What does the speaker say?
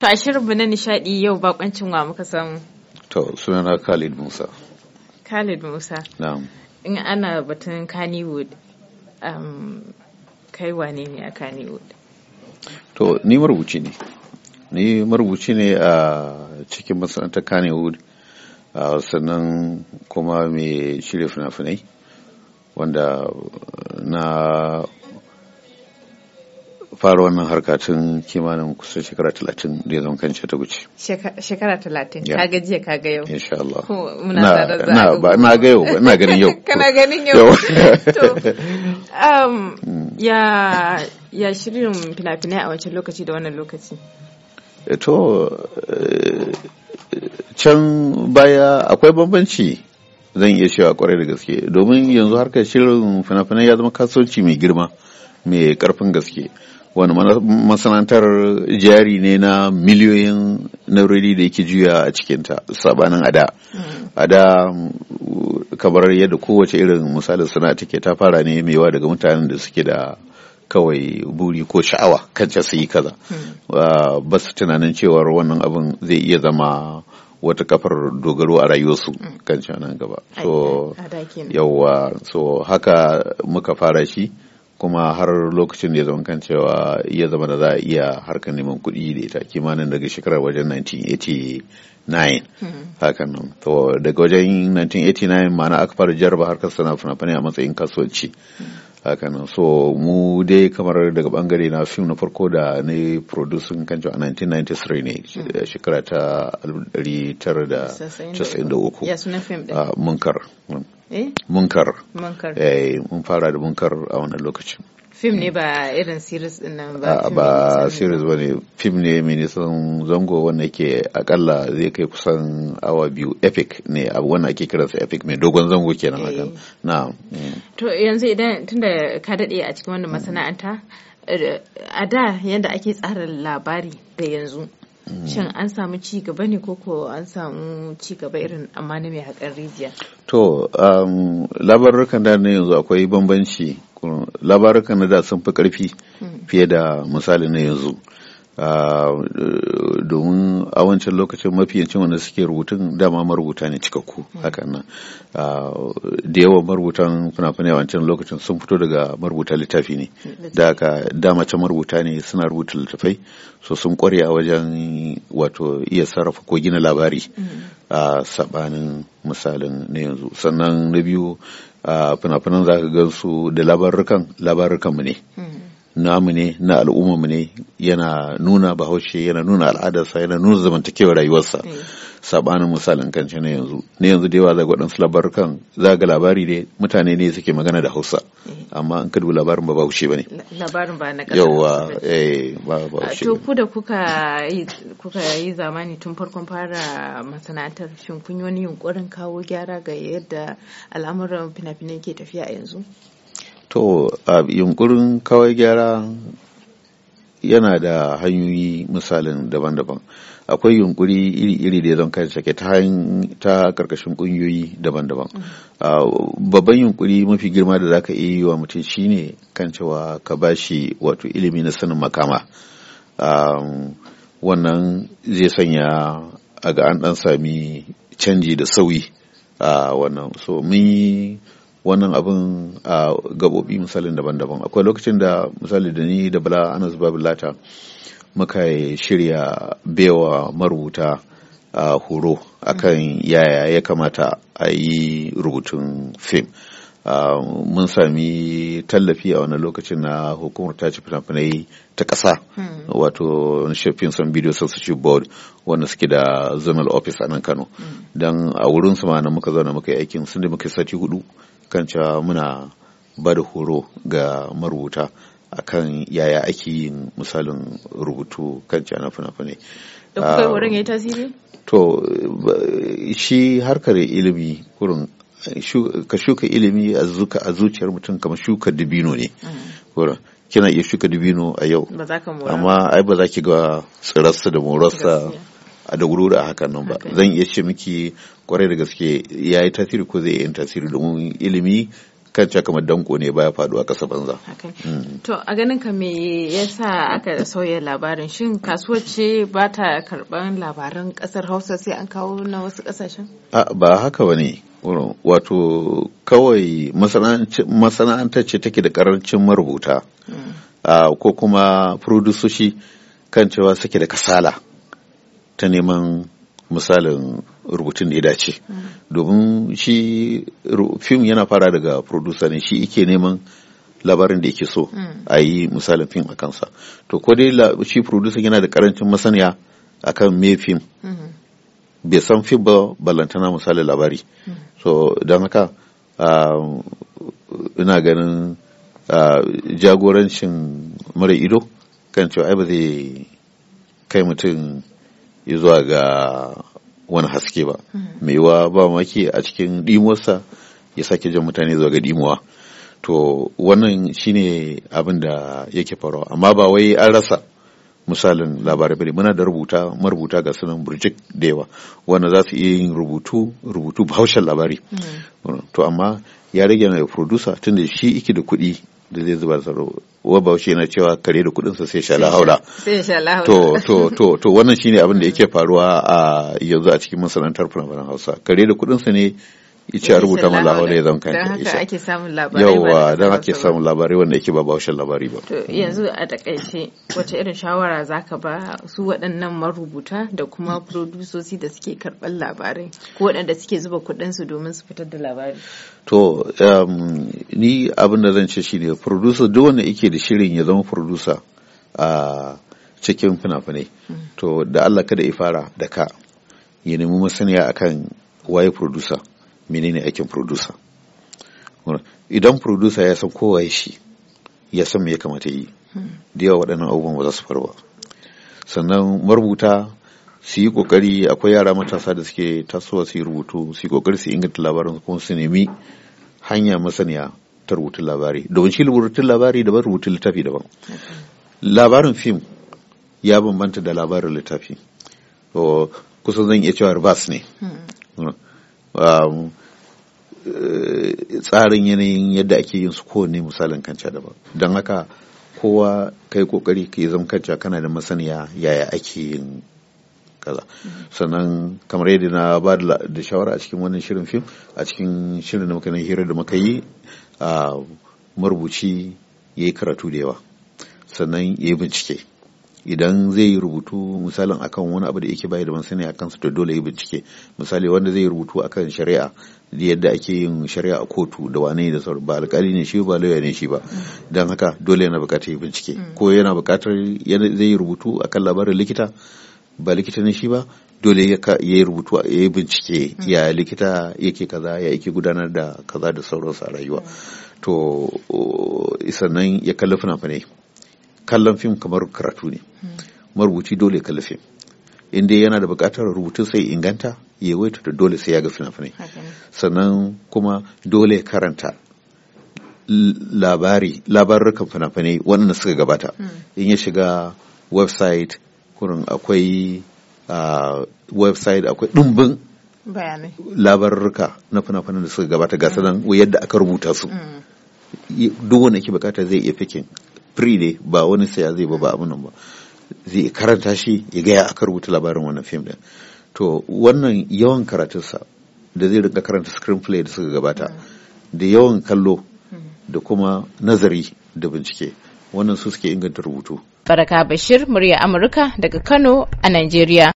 To a shirinmu na nishadi yau bakoncin wa muka samu. To sunana Khalid Musa. Khalid Musa. Na'am. In ana batun Kannywood um, kai wane ne a Kannywood? To ni marubuci ne. Ni marubuci ne a cikin masana'antar Kannywood sannan kuma mai shirya fina-finai wanda na fara wannan harka tun kimanin kusan shekara talatin da ya zama kanci ta wuce. Shekara talatin, ka ga jiya ka ga yau. Insha Allah. Muna tare da Na ba na ga yau ba, ina ganin yau. Kana ganin yau. Um, hmm. ya ya shirin fina-finai a wancan lokaci da wannan lokaci? Eh, to, eh, can baya akwai bambanci zan iya cewa kwarai da gaske domin yanzu harkar shirin fina-finai ya zama kasuwanci mai girma. mai karfin gaske wani masana'antar jari ne na miliyoyin naurori da yake juya a cikinta sabanin ada hmm. ada kamar yadda kowace irin misali sana'a take ta fara ne mewa daga mutanen da suke da kawai buri ko sha'awa kan su yi kaza hmm. ba su tunanin cewar wannan abin zai iya zama wata kafar dogaro a rayuwarsu hmm. kan canan gaba so yawa so haka muka fara shi kuma har lokacin da ya zama kan cewa ya zama da za a iya harkar neman kuɗi da ita kimanin daga shekarar wajen 1989 hmm. hakan nan to daga wajen 1989 ma'ana aka fara jarba harkar sana'a fina-finai a matsayin kasuwanci hmm. hakanan so mu dai kamar daga bangare na fim na farko da ne producing kanjo a 1993 ne shekara ta 1993 ah, eh? munkar munkar eh, mun fara da munkar a wannan lokacin Fim ne ba irin series din nan ba. Ba series ba ne, fim ne mai nisan zango wanda ke akalla zai kai kusan awa biyu epic ne, abu wanda ake kiransa epic mai dogon zango kenan hakan. Eh. Na. To yanzu idan tunda ka daɗe a cikin wannan masana'anta, a da yadda ake tsara labari da yanzu shin mm. an samu ci gaba ne ko ko an samu ci gaba irin amma na mai haƙar rijiya to um, labarurkan da na yanzu akwai bambanci labarukan na da sun fi ƙarfi hmm. fiye da misali na yanzu ah, eh, domin a wancan lokacin yancin wanda suke rubutun dama marubuta ne cikakku hmm. hakan nan ah, da yawan marubutan fina-finai a wancan lokacin sun fito daga marubuta littafi ne hmm. da aka dama can marubuta ne suna rubuta littafai so sun kware wajen wato iya sarrafa ko gina labari a ah, sabanin misalin na yanzu sannan na biyu Ah, fina-finan za ka gan su da labarukan labarukan mu ne hmm. namu ne na al'ummarmu ne yana nuna bahaushe yana nuna al'adarsa yana nuna zamantakewar rayuwarsa eh. sabanin misalin kan na yanzu ne yanzu da yawa zaga waɗansu labarukan ga labari ne mutane ne suke magana da hausa eh. amma an ka duba labarin ba bahaushe ba ne labarin ba na kasa yawa eh ba bahaushe to ku da kuka kuka yi zamani tun farkon fara masana'antar shin kun yi wani yunkurin kawo gyara ga yadda al'amuran fina-finai ke tafiya a yanzu to a yunkurin kawai gyara yana da hanyoyi misalin daban-daban akwai yunkuri iri-iri da zan kai sake ta karkashin kungiyoyi daban-daban mm-hmm. babban yunkuri mafi girma da za ka iya yi wa mutum shine kan cewa ka bashi wato ilimi na sanin makama wannan zai sanya a ga an dan sami canji da sauyi a wannan so mun yi wannan abin a gabobi misalin daban-daban akwai lokacin da misali da ni da bala anas babilata muka shirya bewa marubuta a horo akan yaya ya kamata a yi rubutun fim mun sami tallafi a wani lokacin na hukumar tace fina-finai ta ƙasa hmm. wato shafin san video censorship board wanda suke da zonal office a nan kano hmm. don a wurin su ma muka zauna muka yi aikin sun da muka sati hudu kan cewa muna ba da horo ga marubuta akan yaya ake yin misalin rubutu kan cewa na fina-finai. Da ah, kuka horon ya tasiri? To, shi harkar ilimi kurin ka shuka ilimi a zuciyar mutum kamar shuka dubino ne. Mm. Kina iya shuka dubino a yau. Amma ai ba za ki ga tsirarsa da morarsa. a da a hakan nan ba zan iya ce miki kwarai da gaske ya yi tasiri ko zai yi tasiri domin ilimi cewa kamar danko ne baya faduwa kasa banza. Mm. To a ganin ka me yasa aka sauya labarin shin kasuwar ce ba ta karban labaran kasar Hausa sai an kawo na wasu kasashen? ba haka ba ne. Wato kawai masana'anta ce take da karancin marubuta mm. ko kuma furudusoshi kan cewa suke da kasala. ta neman misalin rubutun da ya dace domin shi fim yana fara daga producer ne shi ike neman labarin da yake so a yi misalin fim a kansa to ko dai shi producer yana da karancin masaniya akan me fim bai san fim ba ballantana misalin labari so don haka ina ganin jagorancin mara ido kan cewa ai ba zai kai mutum zuwa ga wani haske ba mm-hmm. mai yiwa ba maki a cikin dimuwarsa ya sake jan mutane zuwa ga dimuwa to wannan shine abin da yake faruwa amma ba wai an rasa misalin labarai bane muna da rubuta marubuta ga sunan burjik da yawa wanda za su iya yin rubutu rubutu bahaushen labari mm-hmm. to amma ya rage mai producer tunda shi yake da kuɗi da zai zuba wa baushe na cewa kare da kudinsa sai sha haula to to to to wannan shine abin da mm. yake faruwa a yanzu a cikin masana'antar fina-finan hausa kare da kudinsa ne ice a rubuta mana labarai ya zama kanta isha ake samun labarai yawa dan ake samun labarai wanda yake ba baushin labari ba to mm. yanzu a takaice wace irin shawara zaka ba su waɗannan marubuta da kuma mm. producers da suke karɓar labarai ko waɗanda suke zuba kuɗin su domin su fitar da labari to um, ni abin da zan ce shine producer duk wanda yake da shirin ya zama producer a cikin fina-finai mm. to da Allah kada ya fara da ka ya nemi masaniya akan waye producer menene aikin producer idan producer ya san kowa ya shi ya san me ya kamata yi da yawa waɗannan abubuwan ba za su faru ba sannan marubuta su yi kokari akwai yara matasa da suke tasowa su yi rubutu su yi kokari su inganta labarin kuma su nemi hanya masaniya ta rubutun labari domin shi rubutun labari daban rubutun littafi daban labarin fim ya bambanta da labarin littafi kusan zan iya cewa reverse ne Um, eh, tsarin yanayin yadda ake yin su kowane misalin kanca daban don haka kowa kai kokari ka yi kanca kana da masaniya yaya ake yin kaza sannan kamar yadda na ba da shawara a cikin wannan shirin fim a cikin shirin da muka yi hira da muka yi ah, marubuci ya yi karatu da yawa sannan ya yi bincike idan zai yi rubutu misalin akan wani abu da yake bai da ban a akan su to dole ya bincike misali wanda zai yi rubutu akan shari'a yadda ake yin shari'a a kotu da wane da sauran ba alkali ne shi ba lauya ne shi ba don haka dole yana bukatar bincike mm. ko yana bukatar zai yi rubutu akan labarin likita ba likita ne shi ba dole ya yi rubutu ya yi bincike mm. ya likita yake kaza ya yake gudanar da kaza da sauransu a rayuwa mm. to sannan ya kalli fina fane. kallon fim kamar karatu ne marubuci dole kalli fim inda yana da bukatar rubutun sai inganta ya waita da dole sai ya ga fina-finai sannan kuma dole karanta labari labarukan fina-finai waɗanda suka gabata hmm. in ya shiga website kurin akwai website akwai ɗumbin labarurruka na fina-finan da suka gabata ga sanan hmm. yadda aka rubuta su hmm. duk wanda ke bukata zai iya fikin free ne ba wani saya zai ba ba abunan ba zai karanta shi ya gaya aka rubuta labarin wannan fim ɗin to wannan yawan karatunsa da zai rinka karanta screenplay da suka gabata da yawan kallo da kuma nazari da bincike wannan su suke inganta rubutu baraka bashir murya amurka daga kano a nigeria